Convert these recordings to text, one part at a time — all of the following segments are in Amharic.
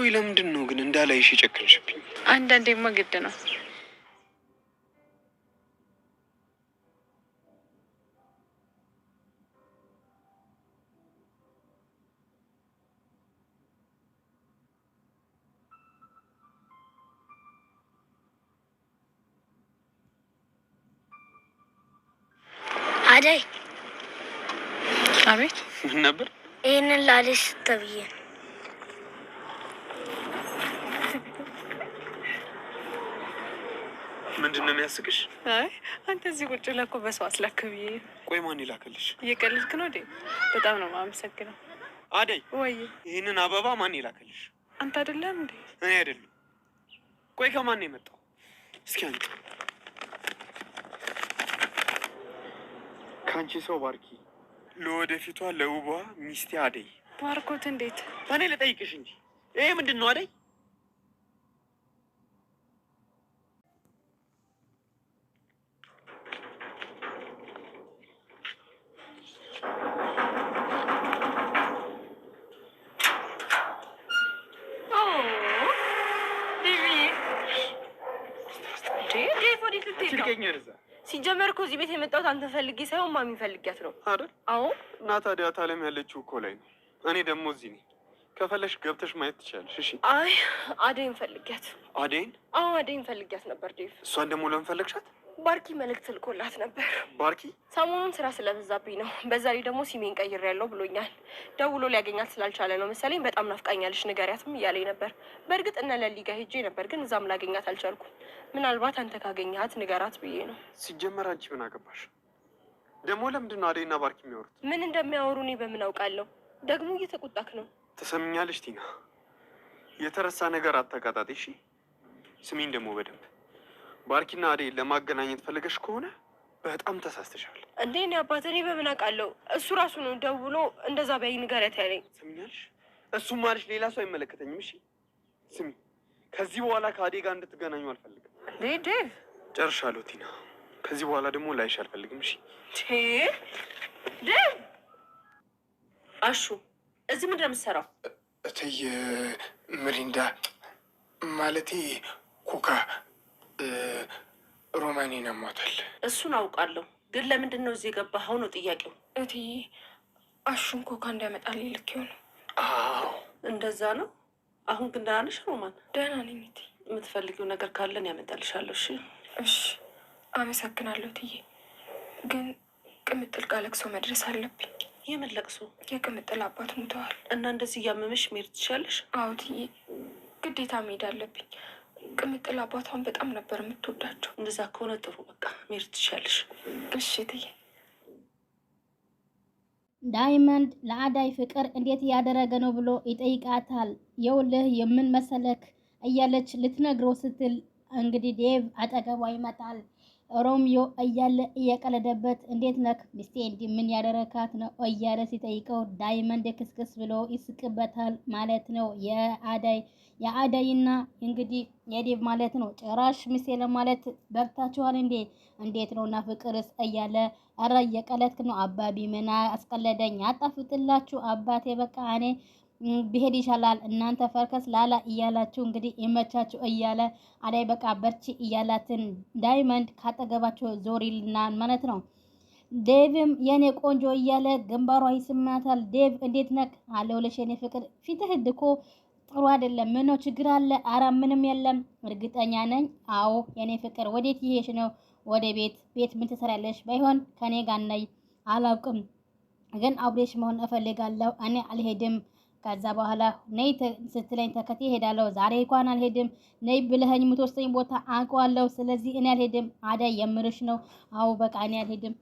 ቆይ ለምንድን ነው ግን እንዳላይሽ የጨከንሽብኝ? አንዳንዴማ ግድ ነው። አደይ። አቤት። ምን ነበር? ይህንን ላሌ ስትብዬ ምንድን ነው የሚያስቅሽ? አይ አንተ እዚህ ቁጭ ብለህ እኮ በሰው አስላክ ቆይ ማን ይላክልሽ? እየቀለድክ ነው ዴ? በጣም ነው የማመሰግነው። አደይ ወይ ይህንን አበባ ማን ይላክልሽ? አንተ አይደለም እንዴ? እኔ አይደለም። ቆይ ከማን ነው የመጣው? እስኪ አንቺ ከአንቺ ሰው ባርኪ፣ ለወደፊቷ ለውቧ ሚስቴ አደይ። ባርኮት እንዴት? እኔ ልጠይቅሽ እንጂ ይሄ ምንድን ነው አደይ? ይገኛል እዛ። ሲጀመር እኮ እዚህ ቤት የመጣሁት አንተ ፈልጌ ሳይሆን ማሚ ፈልጊያት ነው አይደል? አዎ። እና ታዲያ ታለም ያለችው እኮ ላይ ነው። እኔ ደግሞ እዚህ ነኝ። ከፈለሽ ገብተሽ ማየት ትችላለሽ። እሺ። አይ አደይን ፈልጊያት። አደይን? አዎ አደይን ፈልጊያት ነበር ዴቭ። እሷን ደግሞ ለምን ፈለግሻት? ባርኪ መልእክት ልኮላት ነበር። ባርኪ ሰሞኑን ስራ ስለበዛብኝ ነው፣ በዛ ላይ ደግሞ ሲሜን ቀይር ያለው ብሎኛል። ደውሎ ሊያገኛት ስላልቻለ ነው መሰለኝ። በጣም ናፍቃኛለች ንገሪያትም እያለኝ ነበር። በእርግጥ እነ ለሊጋ ሄጄ ነበር፣ ግን እዛም ላገኛት አልቻልኩም። ምናልባት አንተ ካገኘሃት ንገራት ብዬ ነው። ሲጀመር አንቺ ምን አገባሽ? ደግሞ ለምንድን ነው አደይና ባርኪ የሚያወሩት? ምን እንደሚያወሩ እኔ በምን አውቃለሁ? ደግሞ እየተቆጣክ ነው። ትሰምኛለሽ ቲና፣ የተረሳ ነገር አታቃጣጤ። እሺ ስሚኝ ደግሞ በደንብ ባርኪና አዴ ለማገናኘት ፈለገሽ ከሆነ በጣም ተሳስተሻል። እንዴ እኔ አባት እኔ በምን አውቃለሁ? እሱ ራሱ ነው ደውሎ እንደዛ በይ ንገረት ያለኝ። ስሚኛልሽ፣ እሱ ማለሽ ሌላ ሰው አይመለከተኝም። እሺ ስሚ፣ ከዚህ በኋላ ከአዴ ጋር እንድትገናኙ አልፈልግም። እንዴ ዴቭ፣ ጨርሻለሁ ቲና። ከዚህ በኋላ ደግሞ ላይሽ አልፈልግም። እሺ ዴቭ። አሹ እዚህ ምንድን ነው የምትሰራው? እትዬ ምሪንዳ ማለቴ ኮካ ሮማኔን ያሟታል። እሱን አውቃለሁ፣ ግን ለምንድን ነው እዚህ የገባኸው ነው ጥያቄው። እትዬ አሹን ኮካ እንዳያመጣል ልክ ነው። አዎ እንደዛ ነው። አሁን ግን ደህና ነሽ ሮማን? ደህና ነኝ እትዬ። የምትፈልጊው ነገር ካለን ያመጣልሻለሁ። እሺ እሺ፣ አመሰግናለሁ እትዬ። ግን ቅምጥል ጋር ለቅሶ መድረስ አለብኝ። የምን ለቅሶ? የቅምጥል አባት ሙተዋል እና እንደዚህ እያመመሽ መሄድ ትችያለሽ? አዎ እትዬ፣ ግዴታ መሄድ አለብኝ። ቅምጥል አባቷን በጣም ነበር የምትወዳቸው። እንደዛ ከሆነ ጥሩ በቃ ሜር ትሻለሽ። እሺ እትዬ። ዳይመንድ ለአዳይ ፍቅር እንዴት እያደረገ ነው ብሎ ይጠይቃታል። የውልህ የምን መሰለክ እያለች ልትነግረው ስትል እንግዲህ ዴቭ አጠገቧ ይመጣል። ሮሚዮ እያለ እየቀለደበት እንዴት ነክ ሚስቴ እንዲ ምን ያደረካት ነው እያለ ሲጠይቀው ዳይመንድ ክስክስ ብሎ ይስቅበታል ማለት ነው። የአዳይ የአዳይና እንግዲህ የዴቭ ማለት ነው። ጭራሽ ሚስቴ ለማለት በቅታችኋል እንዴ? እንዴት ነው እና ፍቅርስ እያለ ኧረ እየቀለድክ ነው አባቢ ምና አስቀለደኝ አጣፍጥላችሁ አባቴ በቃ እኔ ብሄድ ይሻላል እናንተ ፈርከስ ላላ እያላችሁ እንግዲህ ይመቻችሁ እያለ አዳይ በቃ በርቺ እያላትን ዳይመንድ ካጠገባቸው ዞሪልናል ማለት ነው። ዴቭም የኔ ቆንጆ እያለ ግንባሯ ይስማታል። ዴቭ እንዴት ነክ አለውለሽ የኔ ፍቅር፣ ፊትህ እኮ ጥሩ አይደለም። ምነው ችግር አለ? አረ ምንም የለም። እርግጠኛ ነኝ። አዎ የኔ ፍቅር፣ ወዴት ይሄሽ ነው? ወደ ቤት። ቤት ምን ትሰሪያለሽ? ባይሆን ከኔ ጋር ነይ። አላውቅም፣ ግን አብሬሽ መሆን እፈልጋለሁ። እኔ አልሄድም ከዛ በኋላ ነይ ስትለኝ ተከቴ ሄዳለሁ። ዛሬ እንኳን አልሄድም፣ ነይ ብለኸኝ የምትወስደኝ ቦታ አውቀዋለሁ። ስለዚህ እኔ አልሄድም። አዳይ የምርሽ ነው? አዎ በቃ እኔ አልሄድም።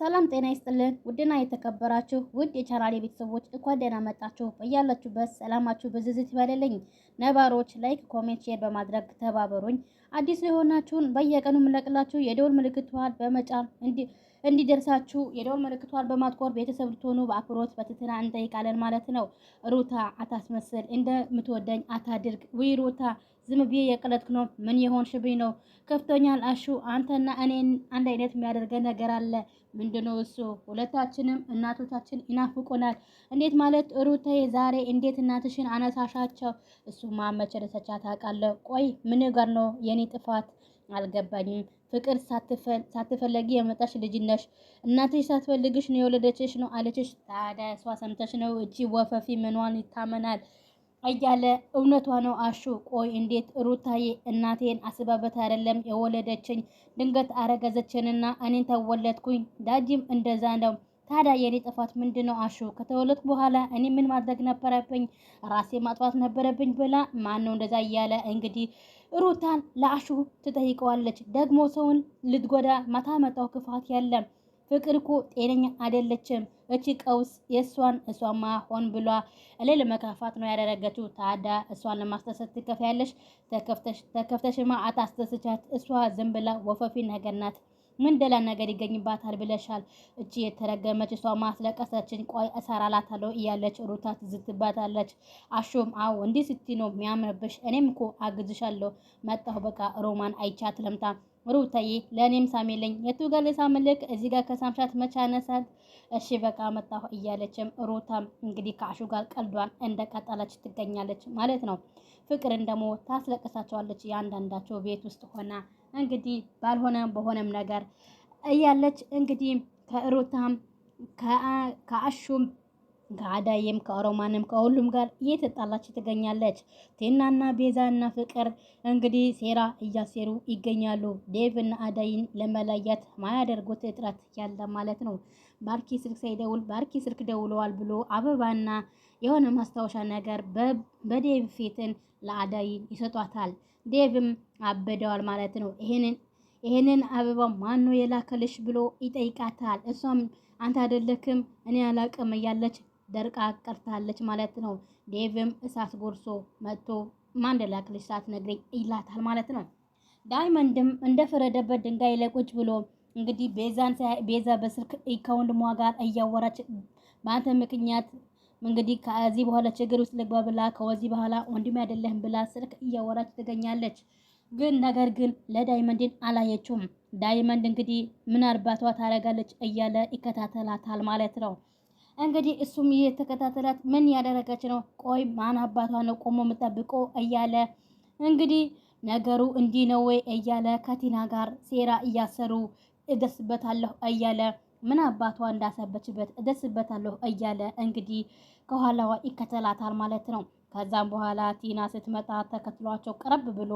ሰላም ጤና ይስጥልን። ውድና የተከበራችሁ ውድ የቻናሌ ቤተሰቦች እንኳን ደህና መጣችሁ። በያላችሁበት ሰላማችሁ ብዝዝት ይበልልኝ። ነባሮች ላይክ፣ ኮሜንት፣ ሼር በማድረግ ተባበሩኝ። አዲስ የሆናችሁን በየቀኑ የምለቅላችሁ የደውል ምልክት በመጫን እንዲ እንዲደርሳችሁ የደወል ምልክቷን በማጥቆር ቤተሰብ ልትሆኑ በአክብሮት በትህትና እንጠይቃለን ማለት ነው። ሩታ አታስመስል፣ እንደምትወደኝ አታድርግ። ውይ ሩታ ዝም ብዬ የቀለጥክ ነው። ምን ሽብኝ ነው? ከፍቶኛል አሹ። አንተና እኔን አንድ አይነት የሚያደርገ ነገር አለ። ምንድነው እሱ? ሁለታችንም እናቶቻችን ይናፍቁናል። እንዴት ማለት ሩታዬ፣ ዛሬ እንዴት እናትሽን አነሳሻቸው? እሱማ ደሰቻ ታውቃለህ። ቆይ ምን ጋር ነው የኔ ጥፋት? አልገባኝም ፍቅር ሳትፈለጊ የመጣሽ ልጅ ነሽ፣ እናትሽ ሳትፈልግሽ ነው የወለደችሽ ነው አለችሽ። ታዲያ እሷ ሰምተሽ ነው እቺ ወፈፊ ምኗን ይታመናል እያለ እውነቷ ነው አሹ። ቆይ እንዴት ሩታዬ፣ እናቴን አስባበት አይደለም የወለደችኝ፣ ድንገት አረገዘችንና እኔን ተወለድኩኝ። ዳጂም እንደዛ ነው ታዲያ የኔ ጥፋት ምንድን ነው? አሹ ከተወለድኩ በኋላ እኔ ምን ማድረግ ነበረብኝ? ራሴ ማጥፋት ነበረብኝ ብላ ማን ነው እንደዛ እያለ እንግዲህ ሩታን ለአሹ ትጠይቀዋለች። ደግሞ ሰውን ልትጎዳ ማታመጣው ክፋት የለም። ፍቅር እኮ ጤነኛ አይደለችም። እቺ ቀውስ የእሷን እሷማ ሆን ብሏ እሌ ለመካፋት ነው ያደረገችው። ታዳ እሷን ለማስደሰት ትከፍያለሽ። ተከፍተሽማ አታስደስቻት። እሷ ዝም ብላ ወፈፊ ነገር ናት። ምን ደላ ነገር ይገኝባታል ብለሻል። እቺ የተረገመች እሷ ማስለቀሰችን ቆይ እሰራላታለሁ እያለች ሩታ ትዝትባታለች። አሹም አዎ እንዲህ ስቲ ነው የሚያምርብሽ። እኔም እኮ አግዝሻለሁ መጣሁ በቃ ሮማን አይቻት ለምታ ሩታዬ ለእኔም ሳሜለኝ የቱ ጋር ልሳምልክ እዚህ ጋር ከሳምሻት መቻነሳት እሺ በቃ መጣሁ እያለችም ሩታም እንግዲህ ከአሹ ጋር ቀልዷን እንደቀጠለች ትገኛለች ማለት ነው። ፍቅርን ደግሞ ታስለቅሳቸዋለች። የአንዳንዳቸው ቤት ውስጥ ሆና እንግዲህ ባልሆነ በሆነም ነገር እያለች እንግዲህ ከሩታም ከአሹም ከአዳይም ከኦሮማንም ከሁሉም ጋር እየተጣላች ትገኛለች። ቴናና ቤዛና ፍቅር እንግዲህ ሴራ እያሴሩ ይገኛሉ። ዴቭና አዳይን ለመለየት ማያደርጉት እጥረት ያለ ማለት ነው። ባርኪ ስልክ ሳይደውል ባርኪ ስልክ ደውለዋል ብሎ አበባና የሆነ ማስታወሻ ነገር በዴቭ ፊትን ለአዳይ ይሰጧታል። ዴቭም አበደዋል ማለት ነው። ይሄንን አበባ ማን ነው የላከልሽ ብሎ ይጠይቃታል። እሷም አንተ አይደለክም እኔ አላቅም እያለች ደርቃ ቀርታለች ማለት ነው። ዴቭም እሳት ጎርሶ መጥቶ ማን እንደላከልሽ ሳትነግረኝ ይላታል ማለት ነው። ዳይመንድም እንደፈረደበት ድንጋይ ላይ ቁጭ ብሎ እንግዲህ ቤዛን ቤዛ በስልክ ከወንድሟ ጋር እያወራች በአንተ ምክንያት እንግዲህ ከዚህ በኋላ ችግር ውስጥ ልግባ ብላ ከወዚህ በኋላ ወንድም አይደለህም ብላ ስልክ እያወራች ትገኛለች። ግን ነገር ግን ለዳይመንድን አላየችውም። ዳይመንድ እንግዲህ ምን አርባቷ ታደርጋለች እያለ ይከታተላታል ማለት ነው። እንግዲህ እሱም የተከታተላት ምን ያደረገች ነው? ቆይ ማን አባቷ ነው ቆሞ የምጠብቆ እያለ እንግዲህ ነገሩ እንዲህ ነው ወይ እያለ ከቲና ጋር ሴራ እያሰሩ እደርስበታለሁ እያለ ምን አባቷ እንዳሰበችበት እደርስበታለሁ እያለ እንግዲህ ከኋላዋ ይከተላታል ማለት ነው። ከዛም በኋላ ቲና ስትመጣ ተከትሏቸው ቀረብ ብሎ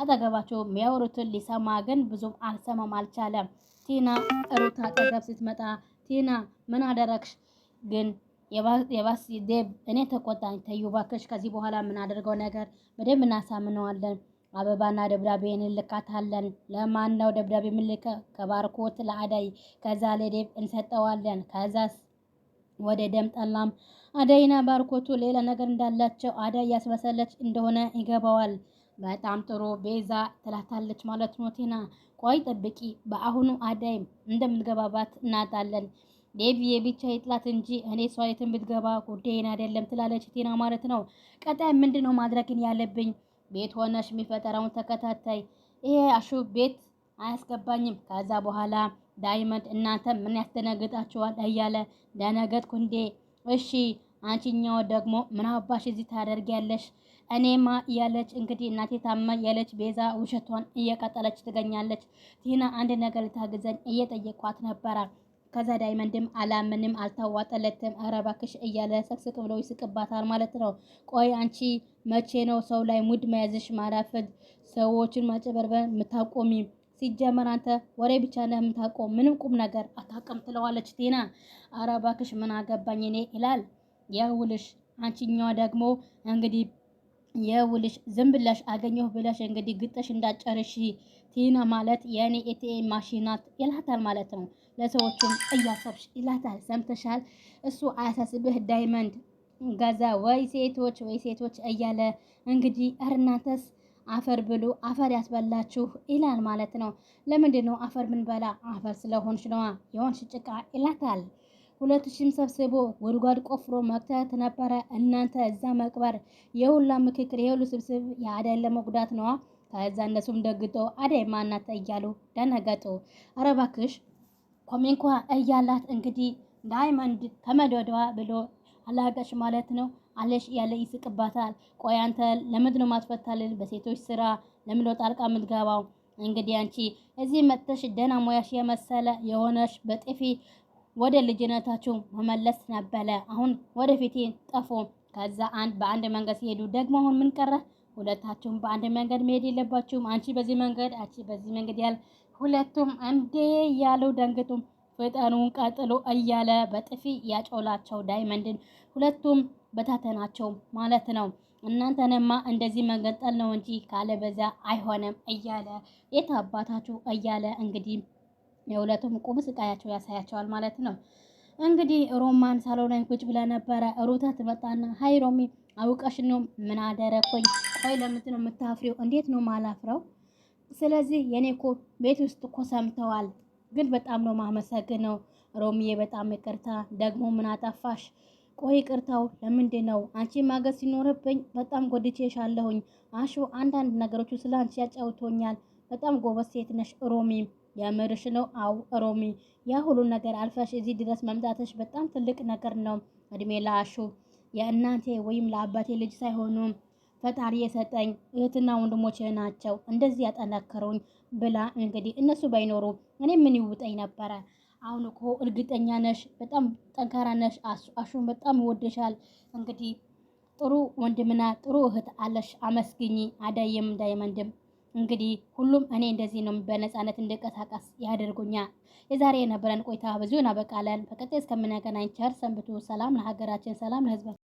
አጠገባቸው የሚያወሩትን ሊሰማ ግን ብዙም አልሰማም አልቻለም። ቲና ሩት አጠገብ ስትመጣ ቲና ምን አደረግሽ ግን የባስ ዴብ እኔ ተቆጣኝ ተዩ ከዚህ በኋላ የምናደርገው ነገር በደንብ እናሳምነዋለን አበባና ደብዳቤ እንልካታለን። ለማን ነው ደብዳቤ የምንልከው? ከባርኮት ለአዳይ፣ ከዛ ለዴብ እንሰጠዋለን። ከዛ ወደ ደም ጠላም አዳይና ባርኮቱ ሌላ ነገር እንዳላቸው አዳይ ያስመሰለች እንደሆነ ይገባዋል። በጣም ጥሩ ቤዛ ትላታለች ማለት ነው። ቴና ቆይ ጠብቂ፣ በአሁኑ አዳይ እንደምትገባባት እናጣለን። ዴቪ የብቻ ይጥላት እንጂ እኔ እሷ ብትገባ ጉዳይን አይደለም ትላለች ቴና ማለት ነው። ቀጣይ ምንድን ነው ማድረግን ያለብኝ? ቤት ሆነሽ የሚፈጠረውን ተከታታይ ይሄ አሹ ቤት አያስገባኝም። ከዛ በኋላ ዳይመንድ እናንተ ምን ያስደነግጣችኋል እያለ ደነገጥኩ እንዴ? እሺ አንቺኛው ደግሞ ምን አባሽ እዚህ ታደርጊያለሽ? እኔማ እያለች እንግዲህ እናቴ ታማ ያለች ቤዛ ውሸቷን እየቀጠለች ትገኛለች። ቲና አንድ ነገር ልታግዘኝ እየጠየቋት ነበረ። ከዛ ዳይመንድም አላምንም አልታዋጠለትም፣ አረባክሽ እያለ ስቅስቅ ብለው ይስቅባታል ማለት ነው። ቆይ አንቺ መቼ ነው ሰው ላይ ሙድ መያዝሽ ማራፈድ፣ ሰዎችን ማጨበርበን ምታቆሚ? ሲጀመር አንተ ወሬ ብቻ ነህ የምታቆም፣ ምንም ቁም ነገር አታውቅም ትለዋለች ቲና። ኧረ ምን አገባኝ እኔ ይላል። ያውልሽ አንቺኛዋ ደግሞ እንግዲህ የውልሽ ዝም ብለሽ አገኘሁ ብለሽ እንግዲህ ግጠሽ እንዳጨርሽ ቲና ማለት የኔ ኤቲኤም ማሽናት ይላታል ማለት ነው። ለሰዎቹም እያሰብሽ ይላታል። ሰምተሻል? እሱ አያሳስብህ ዳይመንድ ገዛ ወይ ሴቶች ወይ ሴቶች እያለ እንግዲህ እርናተስ አፈር ብሉ አፈር ያስበላችሁ ይላል ማለት ነው። ለምንድን ነው አፈር ምንበላ? አፈር ስለሆንሽ ነዋ የሆንሽ ጭቃ ይላታል። ሁለት ሺም ሰብስቦ ጉድጓድ ቆፍሮ መክተት ነበረ። እናንተ እዛ መቅበር የሁላ ምክክር የሁሉ ስብስብ የአዳይ ለመጉዳት ነዋ። ከዛ እነሱም ደግጦ አዳይ ማናት እያሉ ደነገጡ። ኧረ እባክሽ ኮሜንኳ እያላት እንግዲህ ዳይመንድ ተመደደዋ ብሎ አላቀሽ ማለት ነው አለሽ ያለ ይስቅባታል። ቆይ አንተ ለምንድን ነው ማትፈታልን? በሴቶች ስራ ለምን ጣልቃ የምትገባው? እንግዲህ አንቺ እዚህ መጥተሽ ደህና ሙያሽ የመሰለ የሆነሽ በጥፊ ወደ ልጅነታቸው መመለስ ነበረ። አሁን ወደፊት ጠፎ ከዛ አንድ በአንድ መንገድ ሲሄዱ ደግሞ አሁን ምን ቀረ? ሁለታችሁም በአንድ መንገድ መሄድ የለባችሁም። አንቺ በዚህ መንገድ፣ አንቺ በዚህ መንገድ ያል ሁለቱም እንዴ ያለው ደንግጡም ፍጠኑን ቀጥሎ እያለ በጥፊ ያጮላቸው ዳይመንድን ሁለቱም በታተናቸው ማለት ነው። እናንተንማ እንደዚህ መንገንጠል ነው እንጂ ካለ በዛ አይሆንም እያለ የት አባታችሁ እያለ እንግዲህ የሁለቱም ቁም ስቃያቸው ያሳያቸዋል ማለት ነው። እንግዲህ ሮማን ሳሎናይ ቁጭ ብላ ነበረ። ሩታ ትመጣና ሀይ ሮሚ አውቀሽ ነው ምን አደረኩኝ? ቆይ ለምንድን ነው የምታፍሪው? እንዴት ነው ማላፍረው? ስለዚህ የኔ እኮ ቤት ውስጥ እኮ ሰምተዋል፣ ግን በጣም ነው ማመሰግነው ሮሚዬ፣ በጣም ይቅርታ። ደግሞ ምን አጠፋሽ? ቆይ ይቅርታው ለምንድን ነው? አንቺ ማገዝ ሲኖርብኝ በጣም ጎድቼሻለሁኝ። አሹ አንዳንድ ነገሮቹ ስለ አንቺ ያጫውቶኛል። በጣም ጎበዝ ሴት ነሽ ሮሚ የምርሽ ነው? አው ሮሚ፣ ያ ሁሉ ነገር አልፈሽ እዚህ ድረስ መምጣትሽ በጣም ትልቅ ነገር ነው። እድሜ ላሹ የእናቴ ወይም ለአባቴ ልጅ ሳይሆኑ ፈጣሪ የሰጠኝ እህትና ወንድሞቼ ናቸው እንደዚህ ያጠነከሩኝ ብላ እንግዲህ እነሱ ባይኖሩ እኔ ምን ይውጠኝ ነበረ? አሁን እኮ እርግጠኛ ነሽ፣ በጣም ጠንካራ ነሽ። አሹን በጣም ይወደሻል። እንግዲህ ጥሩ ወንድምና ጥሩ እህት አለሽ። አመስግኝ። አዳይም ዳይመንድም እንግዲህ ሁሉም እኔ እንደዚህ ነው በነፃነት እንደቀሳቀስ ያደርጉኛል። የዛሬ የነበረን ቆይታ በዚሁ እናበቃለን። በቀጣይ እስከምናገናኝ ቸር ሰንብቱ። ሰላም ለሀገራችን፣ ሰላም ለሕዝባችን።